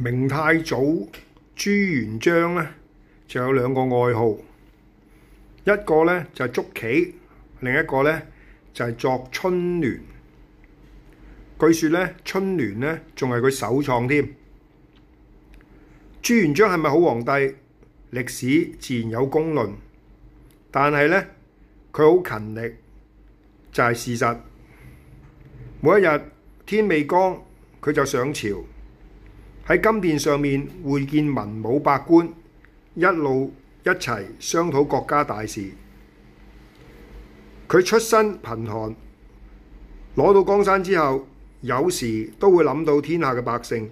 明太祖朱元璋呢，就有兩個愛好，一個呢，就係捉棋，另一個呢，就係作春聯。據說呢，春聯呢，仲係佢首創添。朱元璋係咪好皇帝？歷史自然有公論，但係呢，佢好勤力，就係事實。每一日天未光，佢就上朝。喺金殿上面會見文武百官，一路一齊商討國家大事。佢出身貧寒，攞到江山之後，有時都會諗到天下嘅百姓。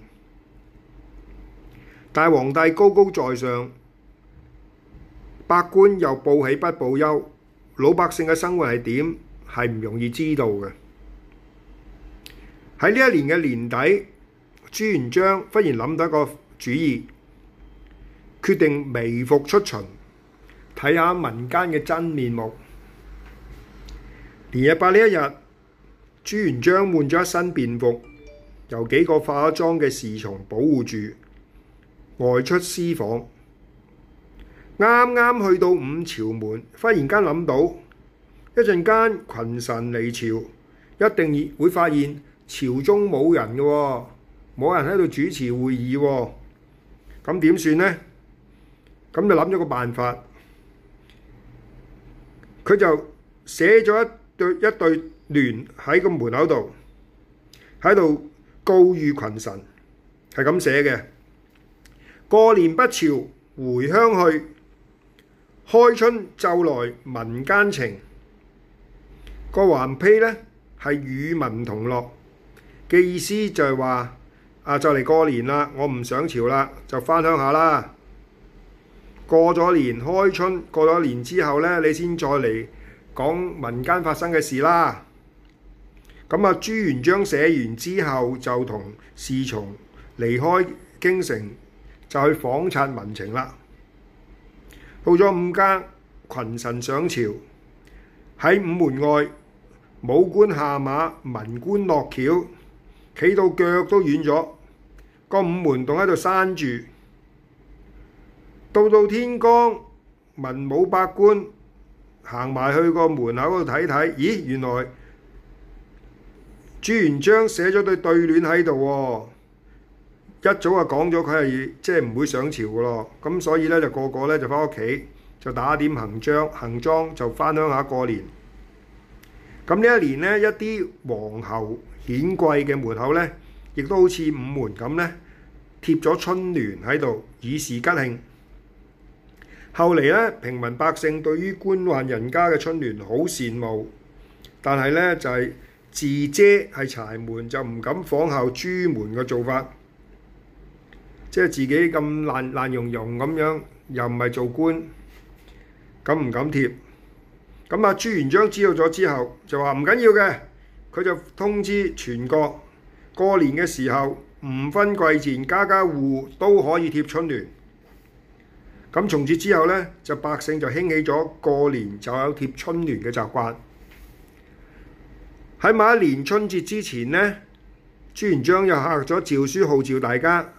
但係皇帝高高在上，百官又報喜不報憂，老百姓嘅生活係點，係唔容易知道嘅。喺呢一年嘅年底，朱元璋忽然諗到一個主意，決定微服出巡，睇下民間嘅真面目。連日八呢一日，朱元璋換咗一身便服，由幾個化妝嘅侍從保護住外出私訪。啱啱去到五朝門，忽然間諗到一陣間群臣離朝，一定會發現朝中冇人嘅喎。冇人喺度主持會議喎，哦，咁點算呢？咁就諗咗個辦法，佢就寫咗一對一對聯喺個門口度，喺度告喻群臣，係咁寫嘅。過年不朝回鄉去，開春就來民間情。個橫批呢，係與民同樂嘅意思就，就係話。啊！就嚟過年啦，我唔上朝啦，就返鄉下啦。過咗年開春，過咗年之後咧，你先再嚟講民間發生嘅事啦。咁啊，朱元璋寫完之後，就同侍從離開京城，就去訪察民情啦。到咗五更，群臣上朝，喺午門外，武官下馬，文官落轎，企到腳都軟咗。個五門洞喺度閂住。到到天光，文武百官行埋去個門口度睇睇，咦？原來朱元璋寫咗對對聯喺度喎！一早就講咗佢係即係唔會上朝嘅咯，咁所以咧就個個咧就返屋企就打點行裝，行裝就返鄉下過年。咁呢一年咧，一啲皇后顯貴嘅門口咧。亦都好似五門咁咧，貼咗春聯喺度以示吉慶。後嚟咧，平民百姓對於官宦人家嘅春聯好羨慕，但係咧就係自嗟係柴門，就唔敢仿效朱門嘅做法，即係自己咁爛爛茸茸咁樣，又唔係做官，敢唔敢貼？咁啊，朱元璋知道咗之後就話唔緊要嘅，佢就通知全國。過年嘅時候唔分貴賤，家家戶戶都可以貼春聯。咁從此之後呢，就百姓就興起咗過年就有貼春聯嘅習慣。喺某一年春節之前呢，朱元璋又下咗詔書，號召大家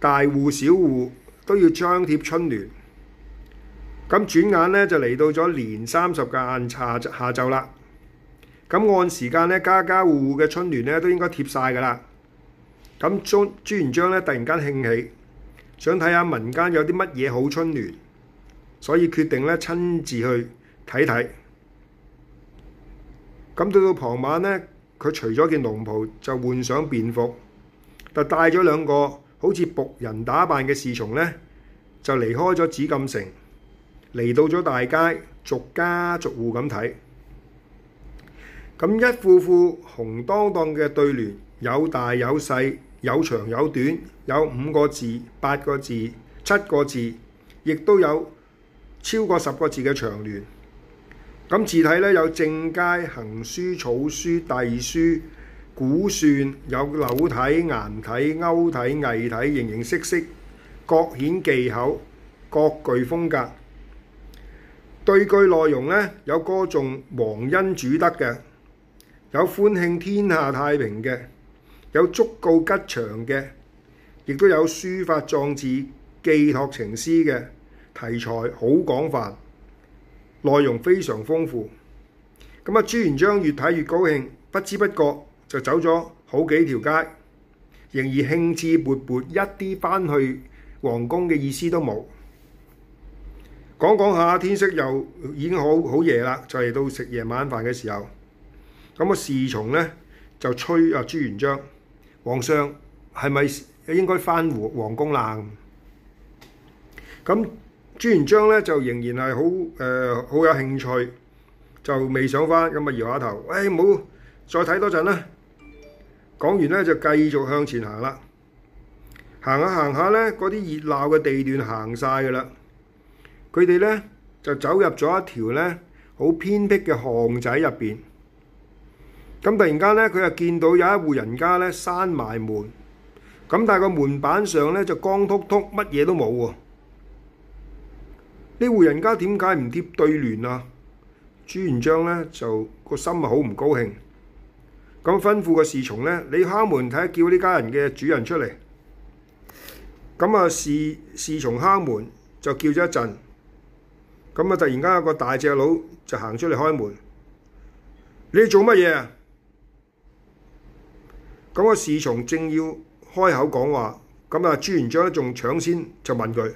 大戶小戶都要張貼春聯。咁轉眼呢，就嚟到咗年三十嘅晏晝下晝啦。咁按時間咧，家家戶戶嘅春聯咧都應該貼晒噶啦。咁朱朱元璋咧突然間興起，想睇下民間有啲乜嘢好春聯，所以決定咧親自去睇睇。咁到到傍晚咧，佢除咗件龍袍，就換上便服，就帶咗兩個好似僕人打扮嘅侍從咧，就離開咗紫禁城，嚟到咗大街，逐家逐戶咁睇。咁一副副紅當當嘅對聯，有大有細，有長有短，有五個字、八個字、七個字，亦都有超過十個字嘅長聯。咁字體咧有正楷、行書、草書、隸書、古篆，有柳體、顏體、歐體、魏體，形形色色，各顯技巧，各具風格。對句內容咧有歌頌皇恩主德嘅。有歡慶天下太平嘅，有祝告吉祥嘅，亦都有抒發壯志、寄託情思嘅題材，好廣泛，內容非常豐富。咁啊，朱元璋越睇越高興，不知不覺就走咗好幾條街，仍然興致勃勃，一啲返去皇宮嘅意思都冇。講講下天色又已經好好夜啦，就嚟到食夜晚飯嘅時候。咁啊！侍從咧就催啊朱元璋，皇上係咪應該翻皇宮啦？咁朱元璋咧就仍然係好誒，好、呃、有興趣，就未想翻咁啊！搖下頭，誒唔好再睇多陣啦。講完咧就繼續向前行啦。行下行下咧，嗰啲熱鬧嘅地段行晒㗎啦。佢哋咧就走入咗一條咧好偏僻嘅巷仔入邊。咁突然間咧，佢就見到有一戶人家咧，閂埋門。咁但係個門板上咧就光禿禿，乜嘢都冇喎、啊。呢戶人家點解唔貼對聯啊？朱元璋咧就個心啊好唔高興。咁吩咐個侍從咧，你敲門睇下，叫呢家人嘅主人出嚟。咁啊，侍侍從敲門就叫咗一陣。咁啊，突然間有個大隻佬就行出嚟開門。你做乜嘢啊？咁個侍從正要開口講話，咁啊朱元璋咧仲搶先就問佢：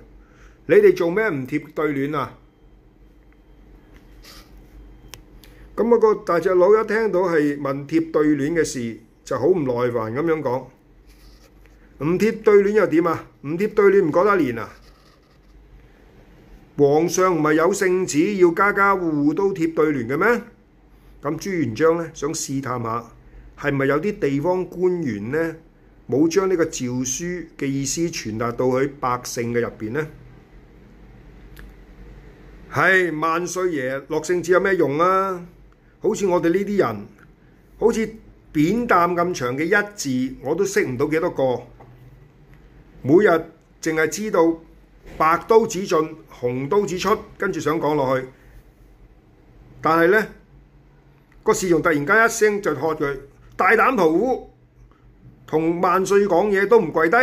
你哋做咩唔貼對聯啊？咁啊個大隻佬一聽到係問貼對聯嘅事，就好唔耐煩咁樣講：唔貼對聯又點啊？唔貼對聯唔覺得亂啊？皇上唔係有聖旨要家家戶戶都貼對聯嘅咩？咁朱元璋咧想試探下。係咪有啲地方官員呢？冇將呢個詔書嘅意思傳達到去百姓嘅入邊呢？唉，萬歲爺，落聖旨有咩用啊？好似我哋呢啲人，好似扁擔咁長嘅一字，我都識唔到幾多個。每日淨係知道白刀子進，紅刀子出，跟住想講落去，但係呢個侍從突然間一聲就喝佢。大膽屠夫，同萬歲講嘢都唔跪低！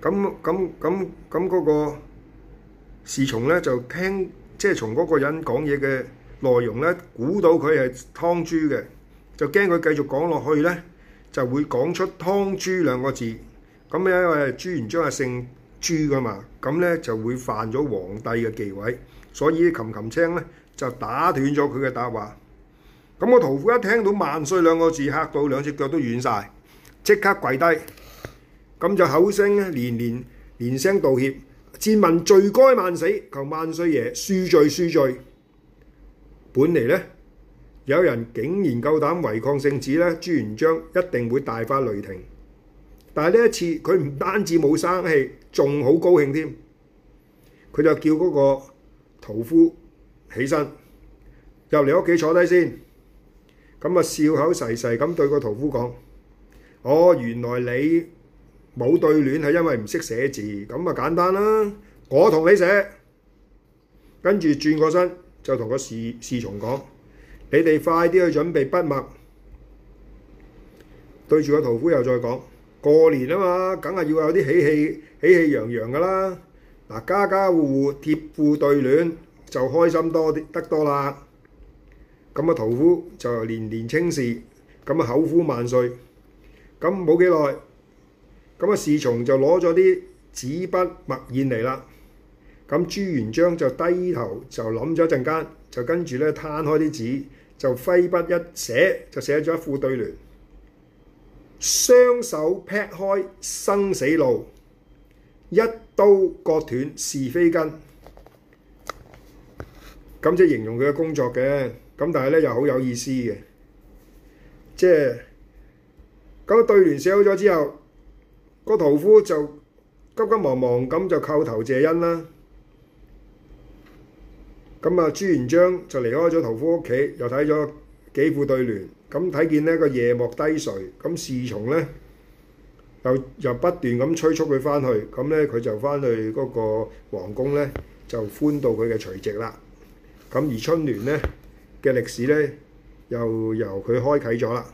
咁咁咁咁嗰個侍從咧就聽，即係從嗰個人講嘢嘅內容咧，估到佢係劏豬嘅，就驚佢繼續講落去咧，就會講出劏豬兩個字，咁因為朱元璋係姓朱噶嘛，咁咧就會犯咗皇帝嘅忌諱，所以琴琴青咧就打斷咗佢嘅答話。咁個屠夫一聽到萬歲兩個字，嚇到兩隻腳都軟晒，即刻跪低，咁就口聲咧連，連連連聲道歉，賤民罪該萬死，求萬歲爺恕罪恕罪，罪。本嚟咧有人竟然夠膽違抗聖旨咧，朱元璋一定會大發雷霆。但係呢一次佢唔單止冇生氣，仲好高興添。佢就叫嗰個屠夫起身入嚟屋企坐低先。咁啊笑口噬噬咁對個屠夫講：哦，原來你冇對聯係因為唔識寫字，咁啊簡單啦！我同你寫，跟住轉過身就同個侍侍從講：你哋快啲去準備筆墨。對住個屠夫又再講：過年啊嘛，梗係要有啲喜氣喜氣洋洋噶啦！嗱，家家戶戶貼副對聯就開心多啲得多啦。咁啊，屠夫就年年稱是，咁啊口呼萬歲。咁冇幾耐，咁啊侍從就攞咗啲紙筆墨硯嚟啦。咁朱元璋就低頭就諗咗一陣間，就跟住咧攤開啲紙就揮筆一寫，就寫咗一副對聯：雙手劈開生死路，一刀割斷是非根。咁即係形容佢嘅工作嘅。咁但係咧，又好有意思嘅，即係咁對聯寫好咗之後，個屠夫就急急忙忙咁就叩頭謝恩啦。咁啊，朱元璋就離開咗屠夫屋企，又睇咗幾副對聯，咁睇見呢個夜幕低垂，咁侍從咧又又不斷咁催促佢翻去，咁咧佢就翻去嗰個皇宮咧，就歡度佢嘅除夕啦。咁而春聯咧。嘅歷史咧，又由佢開啟咗啦。